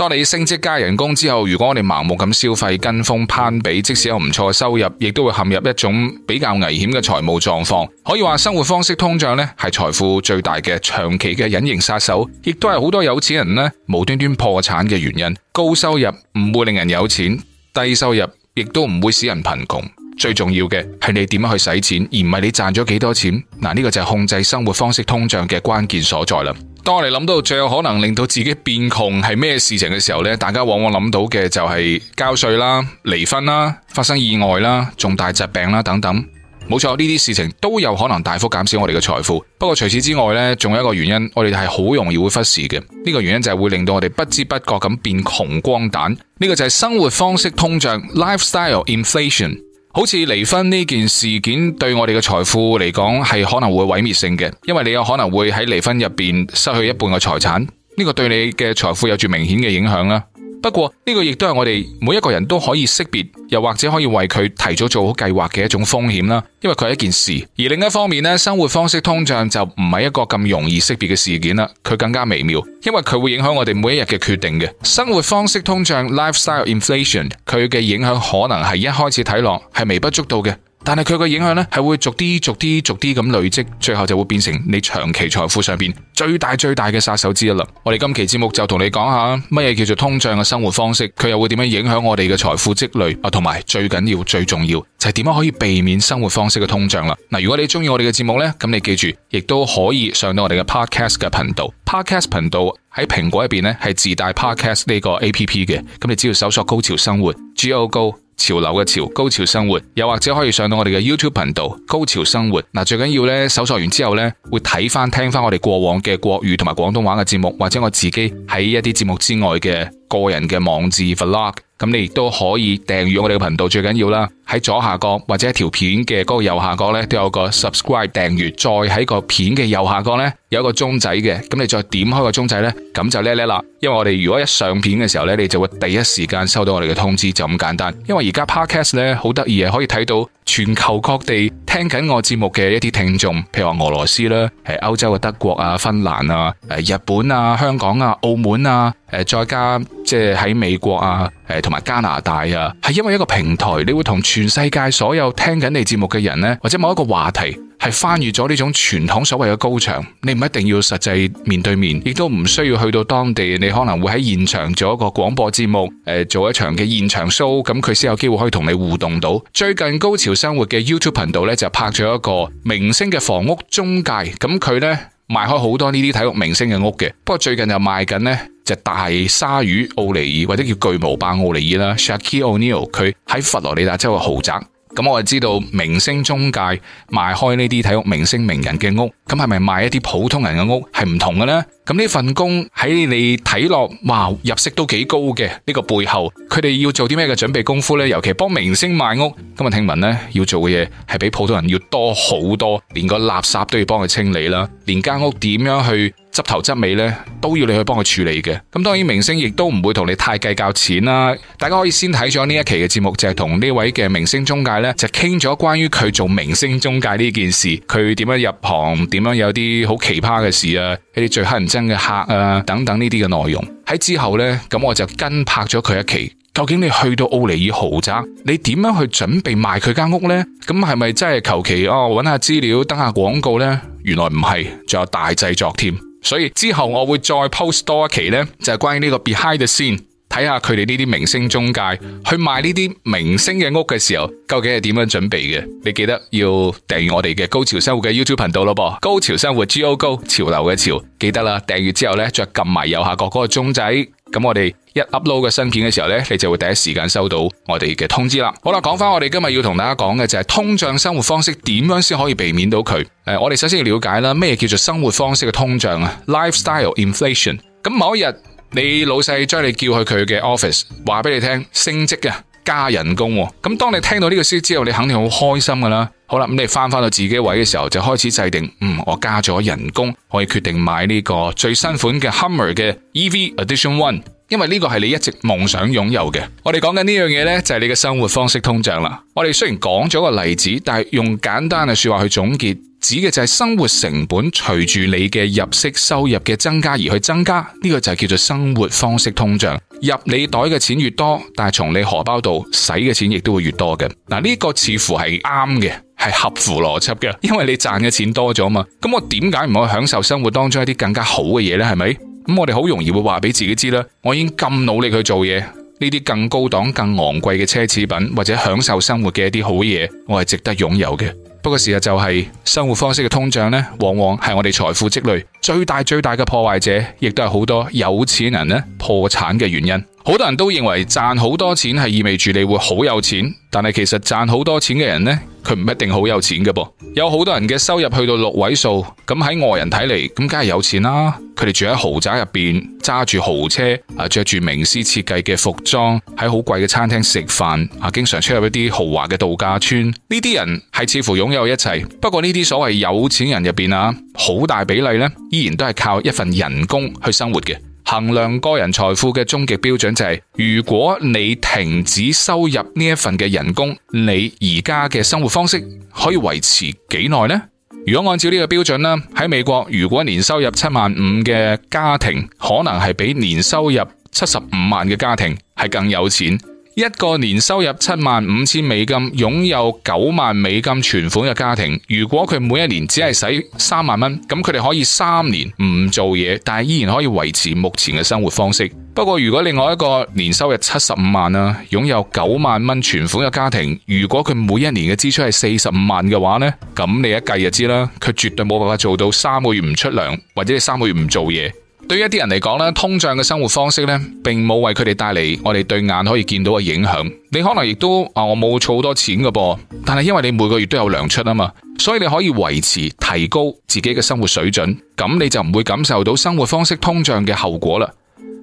當你升職加人工之後，如果我哋盲目咁消費，跟風攀比，即使有唔錯嘅收入，亦都會陷入一種比較危險嘅財務狀況。可以話生活方式通脹呢係財富最大嘅長期嘅隱形殺手，亦都係好多有錢人呢無端端破產嘅原因。高收入唔會令人有錢，低收入亦都唔會使人貧窮。最重要嘅係你點樣去使錢，而唔係你賺咗幾多錢。嗱，呢個就係控制生活方式通脹嘅關鍵所在啦。當我哋諗到最有可能令到自己變窮係咩事情嘅時候咧，大家往往諗到嘅就係交稅啦、離婚啦、發生意外啦、重大疾病啦等等。冇錯，呢啲事情都有可能大幅減少我哋嘅財富。不過除此之外咧，仲有一個原因，我哋係好容易會忽視嘅。呢個原因就係會令到我哋不知不覺咁變窮光蛋。呢個就係生活方式通脹 （Lifestyle Inflation）。Lif 好似離婚呢件事件對我哋嘅財富嚟講係可能會毀滅性嘅，因為你有可能會喺離婚入面失去一半嘅財產，呢個對你嘅財富有住明顯嘅影響啦。不過呢，這個亦都係我哋每一個人都可以識別，又或者可以為佢提早做好計劃嘅一種風險啦。因為佢係一件事，而另一方面咧，生活方式通脹就唔係一個咁容易識別嘅事件啦。佢更加微妙，因為佢會影響我哋每一日嘅決定嘅。生活方式通脹 （Lifestyle Inflation） 佢嘅影響可能係一開始睇落係微不足道嘅。但係佢嘅影響咧，係會逐啲、逐啲、逐啲咁累積，最後就會變成你長期財富上面最大、最大嘅殺手之一啦。我哋今期節目就同你講下乜嘢叫做通脹嘅生活方式，佢又會點樣影響我哋嘅財富積累啊？同埋最緊要、最重要就係點樣可以避免生活方式嘅通脹啦。如果你中意我哋嘅節目呢，咁你記住，亦都可以上到我哋嘅 Podcast 嘅頻道。Podcast 頻道喺蘋果入邊咧係自帶 Podcast 呢個 APP 嘅，咁你只要搜索高潮生活 Go Go。潮流嘅潮，高潮生活，又或者可以上到我哋嘅 YouTube 頻道《高潮生活》。嗱，最緊要咧，搜索完之後咧，會睇翻聽翻我哋過往嘅國語同埋廣東話嘅節目，或者我自己喺一啲節目之外嘅個人嘅網誌 Vlog。咁你亦都可以訂閱我哋嘅頻道，最緊要啦，喺左下角或者一條片嘅嗰個右下角呢，都有個 subscribe 訂閱，再喺個片嘅右下角呢，有一個鐘仔嘅，咁你再點開個鐘仔呢，咁就叻叻啦。因為我哋如果一上片嘅時候呢，你就會第一時間收到我哋嘅通知，就咁簡單。因為而家 Podcast 呢，好得意啊，可以睇到全球各地聽緊我節目嘅一啲聽眾，譬如話俄羅斯啦，係歐洲嘅德國啊、芬蘭啊、誒日本啊、香港啊、澳門啊，誒再加即係喺美國啊，誒。埋加拿大啊，係因為一個平台，你會同全世界所有聽緊你節目嘅人呢，或者某一個話題係翻越咗呢種傳統所謂嘅高牆，你唔一定要實際面對面，亦都唔需要去到當地，你可能會喺現場做一個廣播節目，誒、呃，做一場嘅現場 show，咁佢先有機會可以同你互動到。最近高潮生活嘅 YouTube 頻道呢，就拍咗一個明星嘅房屋中介，咁佢呢。賣開好多呢啲體育明星嘅屋嘅，不過最近又賣緊呢隻大鯊魚奧尼爾或者叫巨無霸奧尼爾啦，Shaquille O’Neal 佢喺佛羅里達州嘅豪宅。咁我就知道明星中介賣開呢啲體育明星、名人嘅屋，咁係咪賣一啲普通人嘅屋係唔同嘅呢？咁呢份工喺你睇落，哇，入息都幾高嘅。呢個背後，佢哋要做啲咩嘅準備功夫呢？尤其幫明星賣屋，今日聽聞呢，要做嘅嘢係比普通人要多好多，連個垃圾都要幫佢清理啦，連間屋點樣去？執頭執尾咧，都要你去幫佢處理嘅。咁當然明星亦都唔會同你太計較錢啦。大家可以先睇咗呢一期嘅節目，就係同呢位嘅明星中介咧，就傾咗關於佢做明星中介呢件事，佢點樣入行，點樣有啲好奇葩嘅事啊，一啲最乞人憎嘅客啊，等等呢啲嘅內容。喺之後咧，咁我就跟拍咗佢一期。究竟你去到奧尼爾豪宅，你點樣去準備賣佢間屋咧？咁係咪真係求其哦，搵下資料，登下廣告咧？原來唔係，仲有大製作添。所以之後，我會再 post 多一期呢就係、是、關於呢個 behind the scene，睇下佢哋呢啲明星中介去賣呢啲明星嘅屋嘅時候，究竟係點樣準備嘅？你記得要訂閱我哋嘅高潮生活嘅 YouTube 頻道咯噃，高潮生活 G O G 潮流嘅潮，記得啦，訂閱之後呢，再撳埋右下角嗰個鐘仔。咁我哋一 upload 嘅新片嘅時候呢，你就會第一時間收到我哋嘅通知啦。好啦，講翻我哋今日要同大家講嘅就係通脹生活方式點樣先可以避免到佢？呃，我哋首先要了解啦，咩叫做生活方式嘅通脹啊？Lifestyle inflation。咁某一日，你老細將你叫去佢嘅 office，話俾你聽升職啊，加人工啊。咁當你聽到呢個消息之後，你肯定好開心噶啦。好啦，咁你翻翻到自己位嘅時候，就開始制定，嗯，我加咗人工，我可以決定買呢個最新款嘅 Hummer 嘅 EV Edition One，因為呢個係你一直夢想擁有嘅。我哋講緊呢樣嘢咧，就係你嘅生活方式通脹啦。我哋雖然講咗個例子，但係用簡單嘅說話去總結，指嘅就係生活成本隨住你嘅入息收入嘅增加而去增加，呢個就係叫做生活方式通脹。入你袋嘅錢越多，但係從你荷包度使嘅錢亦都會越多嘅。嗱，呢個似乎係啱嘅。係合乎邏輯嘅，因為你賺嘅錢多咗嘛，咁我點解唔去享受生活當中一啲更加好嘅嘢呢？係咪？咁我哋好容易會話俾自己知啦，我已經咁努力去做嘢，呢啲更高檔、更昂貴嘅奢侈品或者享受生活嘅一啲好嘢，我係值得擁有嘅。不過事實就係、是、生活方式嘅通脹呢，往往係我哋財富積累最大、最大嘅破壞者，亦都係好多有錢人呢破產嘅原因。好多人都認為賺好多錢係意味住你會好有錢，但係其實賺好多錢嘅人呢，佢唔一定好有錢嘅噃。有好多人嘅收入去到六位數，咁喺外人睇嚟，咁梗係有錢啦。佢哋住喺豪宅入邊，揸住豪車，啊着住名師設計嘅服裝，喺好貴嘅餐廳食飯，啊經常出入一啲豪華嘅度假村。呢啲人係似乎擁有一切，不過呢啲所謂有錢人入邊啊，好大比例呢依然都係靠一份人工去生活嘅。衡量個人財富嘅終極標準就係、是，如果你停止收入呢一份嘅人工，你而家嘅生活方式可以維持幾耐呢？如果按照呢個標準啦，喺美國，如果年收入七萬五嘅家庭，可能係比年收入七十五萬嘅家庭係更有錢。一個年收入七萬五千美金、擁有九萬美金存款嘅家庭，如果佢每一年只係使三萬蚊，咁佢哋可以三年唔做嘢，但係依然可以維持目前嘅生活方式。不過，如果另外一個年收入七十五萬啊、擁有九萬蚊存款嘅家庭，如果佢每一年嘅支出係四十五萬嘅話呢，咁你一計就知啦，佢絕對冇辦法做到三個月唔出糧，或者係三個月唔做嘢。對一啲人嚟講，通脹嘅生活方式咧，並冇為佢哋帶嚟我哋對眼可以見到嘅影響。你可能亦都話，我冇儲好多錢㗎噃，但係因為你每個月都有糧出啊嘛，所以你可以維持提高自己嘅生活水準，咁你就唔會感受到生活方式通脹嘅後果啦。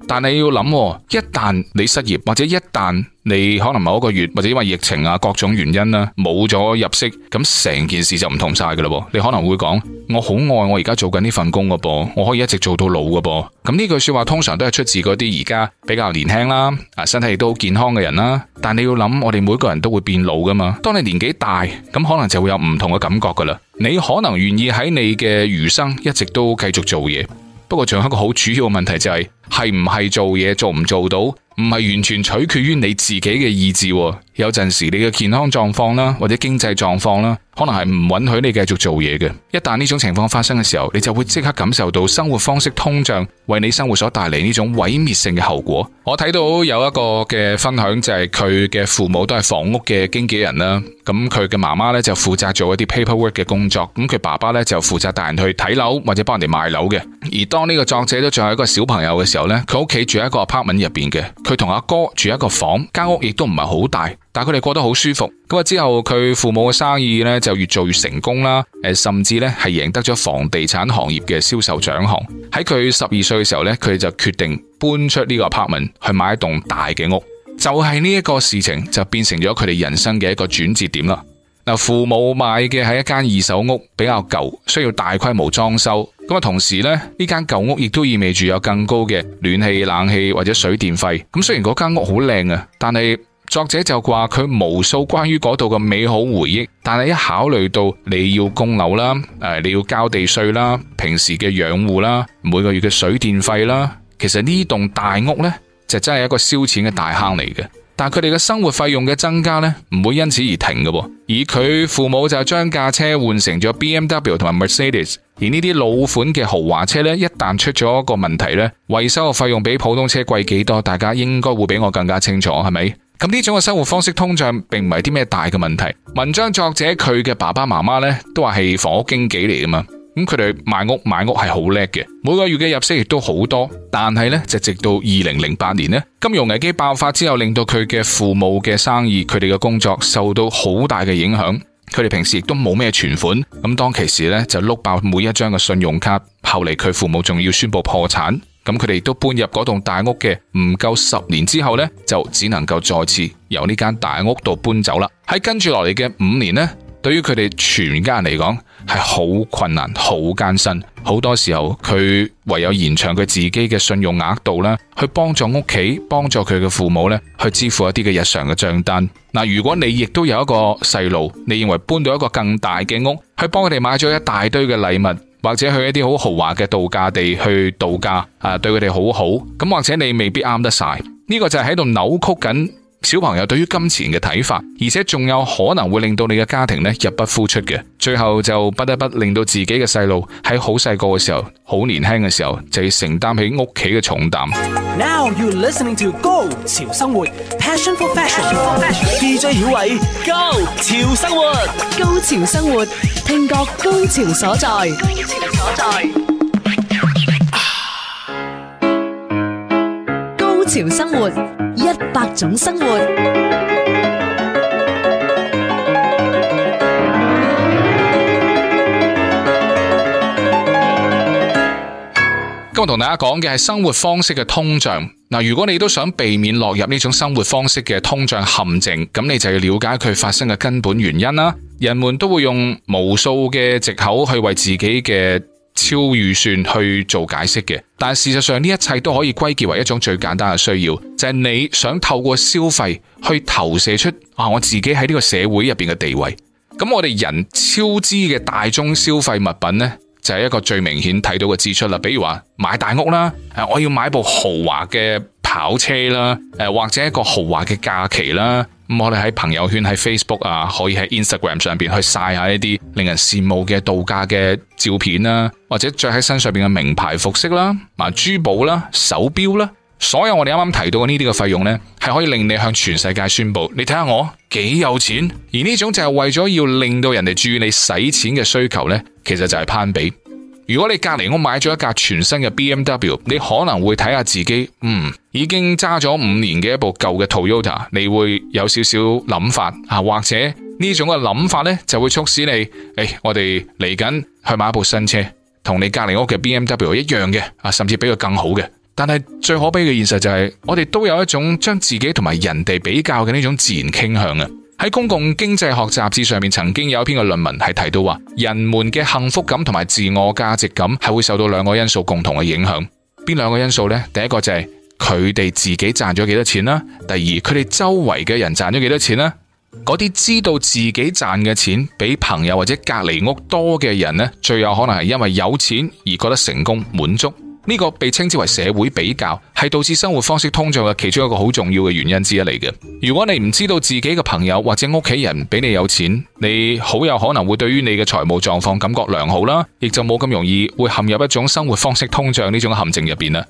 但你要諗，一旦你失業或者一旦你可能某一個月或者因為疫情啊各種原因啦，冇咗入息，咁成件事就唔同晒㗎喇。你可能會講，我好愛我而家做緊呢份工㗎噃，我可以一直做到老㗎噃。咁呢句說話通常都係出自嗰啲而家比較年輕啦，啊身體亦都健康嘅人啦。但你要諗，我哋每個人都會變老㗎嘛。當你年紀大，咁可能就會有唔同嘅感覺㗎喇。你可能願意喺你嘅餘生一直都繼續做嘢，不過仲有一個好主要嘅問題就係，是。.係唔係做嘢做唔做到，唔係完全取決於你自己嘅意志。有陣時你嘅健康狀況啦，或者經濟狀況啦，可能係唔允許你繼續做嘢嘅。一旦呢種情況發生嘅時候，你就會即刻感受到生活方式通脹為你生活所帶嚟呢種毀滅性嘅後果。我睇到有一個嘅分享就係佢嘅父母都係房屋嘅經紀人啦，咁佢嘅媽媽呢，就負責做一啲 paperwork 嘅工作，咁佢爸爸呢，就負責帶人去睇樓或者幫人哋賣樓嘅。而當呢個作者都仲係一個小朋友嘅時候呢，佢屋企住喺一個 apartment 入面嘅，佢同阿哥住一個房，間屋亦都唔係好大。但係佢哋過得好舒服，咁啊，之後佢父母嘅生意咧就越做越成功啦，誒甚至咧係贏得咗房地產行業嘅銷售獎項。喺佢十二歲嘅時候咧，佢哋就決定搬出呢個 apartment 去買一棟大嘅屋，就係呢一個事情就變成咗佢哋人生嘅一個轉折點啦。嗱，父母買嘅係一間二手屋，比較舊，需要大規模裝修。咁啊，同時咧呢間舊屋亦都意味住有更高嘅暖氣、冷氣或者水電費。咁雖然嗰間屋好靚啊，但係。作者就話佢無數關於嗰度嘅美好回憶，但係一考慮到你要供樓啦，誒你要交地稅啦，平時嘅養護啦，每個月嘅水電費啦，其實呢棟大屋呢，就真係一個燒錢嘅大坑嚟嘅。但佢哋嘅生活費用嘅增加呢，唔會因此而停嘅。而佢父母就將架車換成咗 BMW 同埋 Mercedes，而呢啲老款嘅豪華車呢，一旦出咗個問題呢，維修嘅費用比普通車貴幾多，大家應該會比我更加清楚，係咪？咁呢種嘅生活方式通脹並唔係啲咩大嘅問題。文章作者佢嘅爸爸媽媽咧都話係房屋經紀嚟噶嘛，咁佢哋賣屋賣屋係好叻嘅，每個月嘅入息亦都好多。但係咧就直到二零零八年咧，金融危機爆發之後，令到佢嘅父母嘅生意，佢哋嘅工作受到好大嘅影響。佢哋平時亦都冇咩存款，咁當其時咧就碌爆每一張信用卡。後嚟佢父母仲要宣佈破產。咁佢哋都搬入嗰棟大屋嘅，唔夠十年之後呢，就只能夠再次由呢間大屋度搬走啦。喺跟住落嚟嘅五年呢，對於佢哋全家人嚟講，係好困難、好艱辛。好多時候佢唯有延長佢自己嘅信用額度咧，去幫助屋企、幫助佢嘅父母呢，去支付一啲嘅日常嘅賬單。嗱，如果你亦都有一個細路，你認為搬到一個更大嘅屋，去幫佢哋買咗一大堆嘅禮物。或者去一啲好豪華嘅度假地去度假，啊對佢哋好好咁，或者你未必啱得晒，呢個就係喺度扭曲緊。小朋友對於金錢嘅睇法，而且仲有可能會令到你嘅家庭呢入不敷出嘅，最後就不得不令到自己嘅細路喺好細個嘅時候，好年輕嘅時候就要承擔起屋企嘅重擔。Now you listening to 高潮生活，Passion for fashion，DJ 曉偉，高潮生活，高潮生活，聽覺高潮所在，高潮所在，高潮所在，高潮生活。一百種生活，今日同大家講嘅係生活方式嘅通脹。嗱，如果你都想避免落入呢種生活方式嘅通脹陷阱，咁你就要了解佢發生嘅根本原因啦。人們都會用無數嘅借口去為自己嘅。超預算去做解釋嘅，但事實上呢，一切都可以歸結為一種最簡單嘅需要，就係你想透過消費去投射出啊我自己喺呢個社會入邊嘅地位。咁我哋人超支嘅大宗消費物品呢，就係一個最明顯睇到嘅支出啦。比如話買大屋啦，我要買部豪華嘅跑車啦，誒或者一個豪華嘅假期啦。嗯、我哋喺朋友圈、喺 Facebook 啊，可以喺 Instagram 上面去晒下一啲令人羨慕嘅度假嘅照片啦、啊，或者着喺身上面嘅名牌服飾啦、啊、珠寶啦、啊、手表啦、啊，所有我哋啱啱提到嘅呢啲嘅費用呢，係可以令你向全世界宣布，你睇下我幾有錢。而呢種就係為咗要令到人哋注意你使錢嘅需求呢，其實就係攀比。如果你隔籬屋買咗一架全新嘅 BMW，你可能會睇下自己，嗯，已經揸咗五年嘅一部舊嘅 Toyota，你會有少少諗法啊，或者呢種嘅諗法呢，就會促使你，誒、哎，我哋嚟緊去買一部新車，同你隔籬屋嘅 BMW 一樣嘅，啊，甚至比佢更好嘅。但係最可悲嘅現實就係、是，我哋都有一種將自己同埋人哋比較嘅呢種自然傾向啊。喺公共經濟學雜誌上面曾經有一篇嘅論文係提到話，人們嘅幸福感同埋自我價值感係會受到兩個因素共同嘅影響。邊兩個因素呢？第一個就係佢哋自己賺咗幾多錢啦、啊。第二，佢哋周圍嘅人賺咗幾多錢啦、啊？嗰啲知道自己賺嘅錢比朋友或者隔籬屋多嘅人呢，最有可能係因為有錢而覺得成功滿足。呢個被稱之為社會比較，係導致生活方式通脹嘅其中一個好重要嘅原因之一嚟嘅。如果你唔知道自己嘅朋友或者屋企人比你有錢，你好有可能會對於你嘅財務狀況感覺良好啦，亦就冇咁容易會陷入一種生活方式通脹呢種陷阱入邊啦。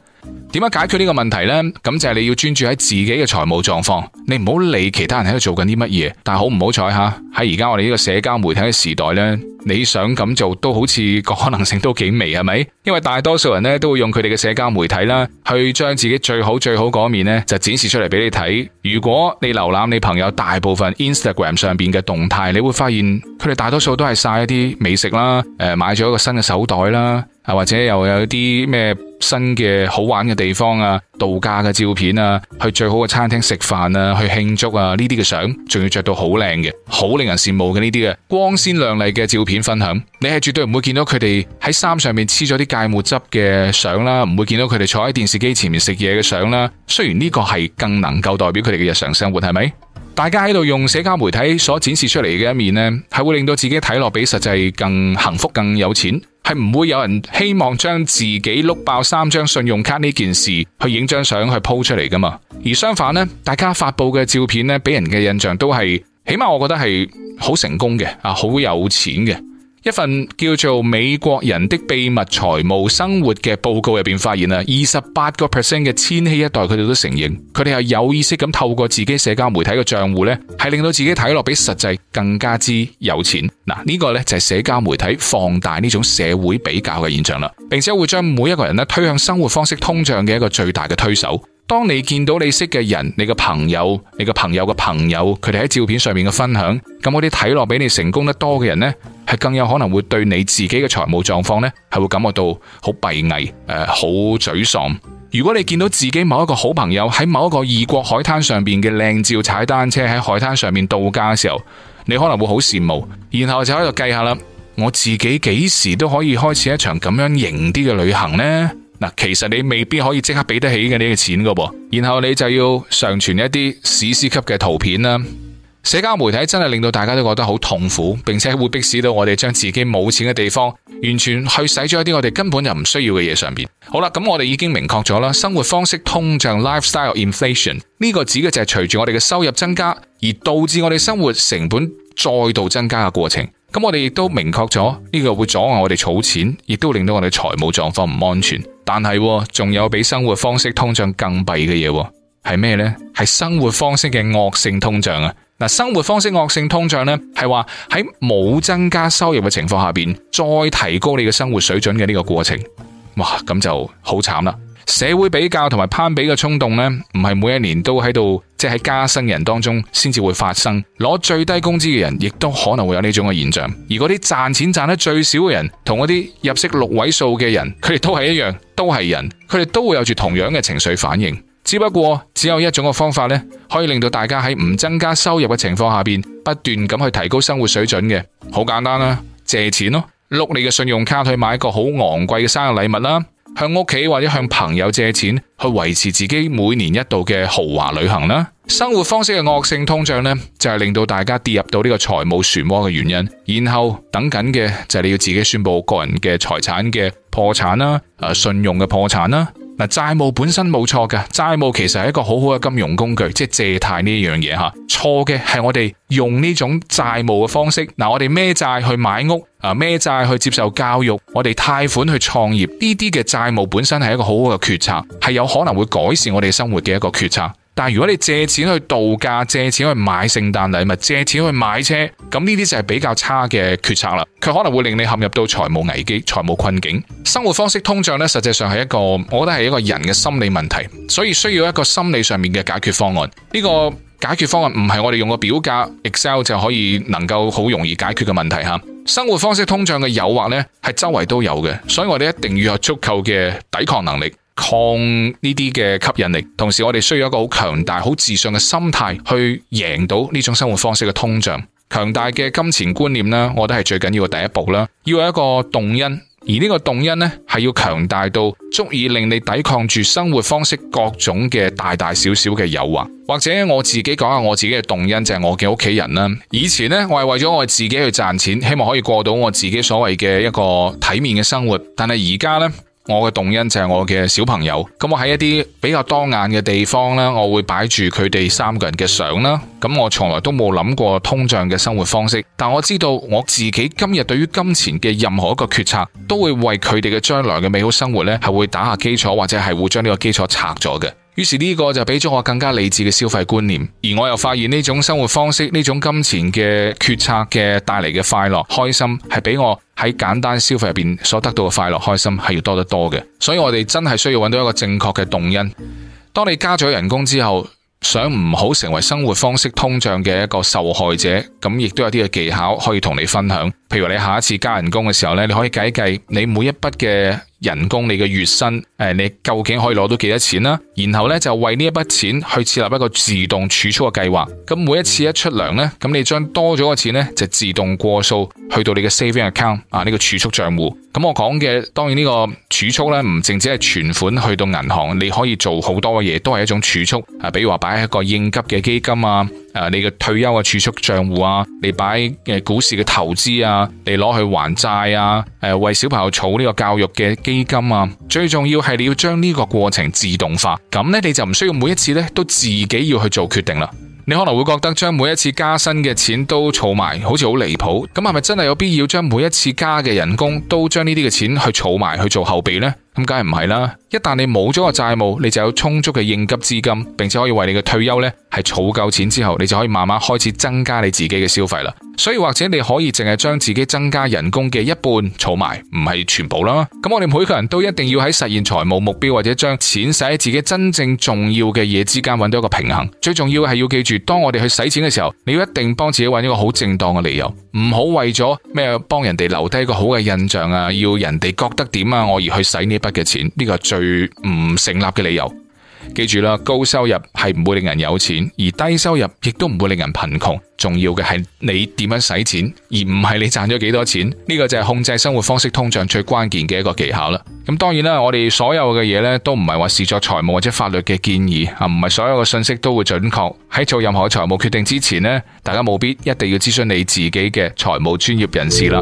點樣解決呢個問題呢？咁就係、是、你要專注喺自己嘅財務狀況，你唔好理其他人喺度做緊啲乜嘢。但好唔好彩吓，喺而家我哋呢個社交媒體嘅時代呢，你想咁做都好似個可能性都幾微，係咪？因為大多數人咧，都會用佢哋嘅社交媒體啦，去將自己最好最好嗰面咧就展示出嚟俾你睇。如果你瀏覽你朋友大部分 Instagram 上面嘅動態，你會發現佢哋大多數都係晒一啲美食啦，誒，買咗一個新嘅手袋啦。啊，或者又有啲咩新嘅好玩嘅地方啊，度假嘅照片啊，去最好嘅餐廳食飯啊，去慶祝啊，呢啲嘅相仲要着到好靚嘅，好令人羨慕嘅呢啲嘅光鮮亮麗嘅照片分享，你係絕對唔會見到佢哋喺衫上面黐咗啲芥末汁嘅相啦，唔會見到佢哋坐喺電視機前面食嘢嘅相啦。雖然呢個係更能夠代表佢哋嘅日常生活，係咪？大家喺度用社交媒體所展示出嚟嘅一面呢，係會令到自己睇落比實際更幸福、更有錢。係唔會有人希望將自己碌爆三張信用卡呢件事去影張相去 po 出嚟噶嘛？而相反咧，大家發布嘅照片咧，俾人嘅印象都係，起碼我覺得係好成功嘅啊，好有錢嘅。一份叫做《美國人的秘密財務生活》嘅報告入邊發現啦，二十八個 percent 嘅千禧一代，佢哋都承認，佢哋係有意識咁透過自己社交媒體嘅賬戶咧，係令到自己睇落比實際更加之有錢。嗱，呢個咧就係社交媒體放大呢種社會比較嘅現象啦，並且會將每一個人咧推向生活方式通脹嘅一個最大嘅推手。當你見到你識嘅人、你個朋友、你個朋友嘅朋友，佢哋喺照片上面嘅分享，咁嗰啲睇落比你成功得多嘅人呢，係更有可能會對你自己嘅財務狀況呢，係會感覺到好閉翳、誒、呃、好沮喪。如果你見到自己某一個好朋友喺某一個異國海灘上邊嘅靚照，踩單車喺海灘上面度假嘅時候，你可能會好羨慕，然後就喺度計下啦，我自己幾時都可以開始一場咁樣型啲嘅旅行呢？嗱，其實你未必可以即刻俾得起嘅你嘅錢㗎，然後你就要上傳一啲史詩級嘅圖片啦。社交媒體真係令到大家都覺得好痛苦，並且會迫使到我哋將自己冇錢嘅地方，完全去使咗一啲我哋根本就唔需要嘅嘢上邊。好啦，咁我哋已經明確咗啦，生活方式通脹 （lifestyle inflation） 呢個指嘅就係隨住我哋嘅收入增加而導致我哋生活成本再度增加嘅過程。咁我哋亦都明確咗呢個會阻礙我哋儲錢，亦都會令到我哋財務狀況唔安全。但係仲有比生活方式通脹更弊嘅嘢，係咩咧？係生活方式嘅惡性通脹啊！嗱，生活方式惡性通脹咧，係話喺冇增加收入嘅情況下邊，再提高你嘅生活水準嘅呢個過程，哇，咁就好慘啦。社會比較同埋攀比嘅衝動呢，唔係每一年都喺度，即係喺加薪人當中先至會發生。攞最低工資嘅人，亦都可能會有呢種嘅現象。而嗰啲賺錢賺得最少嘅人，同嗰啲入息六位數嘅人，佢哋都係一樣，都係人，佢哋都會有住同樣嘅情緒反應。只不過只有一種嘅方法呢，可以令到大家喺唔增加收入嘅情況下邊，不斷咁去提高生活水準嘅，好簡單啦，借錢咯，碌你嘅信用卡去買一個好昂貴嘅生日禮物啦。向屋企或者向朋友借錢去維持自己每年一度嘅豪華旅行啦，生活方式嘅惡性通脹咧，就係令到大家跌入到呢個財務漩渦嘅原因，然後等緊嘅就係你要自己宣布個人嘅財產嘅破產啦，誒、啊，信用嘅破產啦。嗱、啊，債務本身冇錯嘅，債務其實係一個好好嘅金融工具，即係借貸呢樣嘢嚇。錯嘅係我哋用呢種債務嘅方式，嗱、啊，我哋孭債去買屋，啊孭債去接受教育，我哋貸款去創業，呢啲嘅債務本身係一個好好嘅決策，係有可能會改善我哋生活嘅一個決策。但係如果你借錢去度假、借錢去買聖誕禮物、借錢去買車，咁呢啲就係比較差嘅決策啦。佢可能會令你陷入到財務危機、財務困境。生活方式通脹呢，實際上係一個，我覺得係一個人嘅心理問題，所以需要一個心理上面嘅解決方案。呢個解決方案唔係我哋用個表格 Excel 就可以能夠好容易解決嘅問題吓。生活方式通脹嘅誘惑呢，係周圍都有嘅，所以我哋一定要有足夠嘅抵抗能力。抗呢啲嘅吸引力，同時我哋需要一個好強大、好自信嘅心態去贏到呢種生活方式嘅通脹。強大嘅金錢觀念咧，我覺得係最緊要嘅第一步啦。要有一個動因，而呢個動因咧，係要強大到足以令你抵抗住生活方式各種嘅大大小小嘅誘惑。或者我自己講下我自己嘅動因，就係我嘅屋企人啦。以前咧，我係為咗我自己去賺錢，希望可以過到我自己所謂嘅一個體面嘅生活。但係而家咧。我嘅動因就係我嘅小朋友，咁我喺一啲比較當眼嘅地方咧，我會擺住佢哋三個人嘅相啦。咁我從來都冇諗過通脹嘅生活方式，但我知道我自己今日對於金錢嘅任何一個決策，都會為佢哋嘅將來嘅美好生活咧係會打下基礎，或者係會將呢個基礎拆咗嘅。於是呢個就俾咗我更加理智嘅消費觀念，而我又發現呢種生活方式，呢種金錢嘅決策嘅帶嚟嘅快樂、開心係比我。喺簡單消費入邊所得到嘅快樂、開心係要多得多嘅。所以我哋真係需要揾到一個正確嘅動因。當你加咗人工之後，想唔好成為生活方式通脹嘅一個受害者，咁亦都有啲嘅技巧可以同你分享。譬如你下一次加人工嘅時候咧，你可以計一計你每一筆嘅人工，你嘅月薪，誒，你究竟可以攞到幾多錢啦？然後咧就為呢一筆錢去設立一個自動儲蓄嘅計劃。咁每一次一出糧咧，咁你將多咗嘅錢咧就自動過數去到你嘅 saving account 啊呢個儲蓄賬戶。咁我講嘅當然呢個儲蓄咧唔淨止係存款去到銀行，你可以做好多嘅嘢，都係一種儲蓄。啊，比如話擺喺一個應急嘅基金啊。誒，你嘅退休嘅儲蓄賬戶啊，你擺誒股市嘅投資啊，你攞去還債啊，誒為小朋友儲呢個教育嘅基金啊，最重要係你要將呢個過程自動化，咁呢，你就唔需要每一次呢都自己要去做決定啦。你可能會覺得將每一次加薪嘅錢都儲埋，好似好離譜。咁係咪真係有必要將每一次加嘅人工都將呢啲嘅錢去儲埋去做後備呢？咁梗係唔係啦！一旦你冇咗個債務，你就有充足嘅應急資金，並且可以為你嘅退休呢係儲夠錢之後，你就可以慢慢開始增加你自己嘅消費啦。所以或者你可以淨係將自己增加人工嘅一半儲埋，唔係全部啦。咁我哋每個人都一定要喺實現財務目標或者將錢使喺自己真正重要嘅嘢之間，搵到一個平衡。最重要係要記住，當我哋去使錢嘅時候，你要一定幫自己搵一,一個好正當嘅理由，唔好為咗咩幫人哋留低一個好嘅印象啊，要人哋覺得點啊，我而去使呢一筆，嘅錢呢個最唔成立嘅理由，記住啦，高收入係唔會令人有錢，而低收入亦都唔會令人貧窮。重要嘅係你點樣使錢，而唔係你賺咗幾多錢。呢個就係控制生活方式通脹最關鍵嘅一個技巧啦。咁當然啦，我哋所有嘅嘢呢都唔係話視作財務或者法律嘅建議啊，唔係所有嘅信息都會準確。喺做任何財務決定之前呢，大家務必一定要諮詢你自己嘅財務專業人士啦。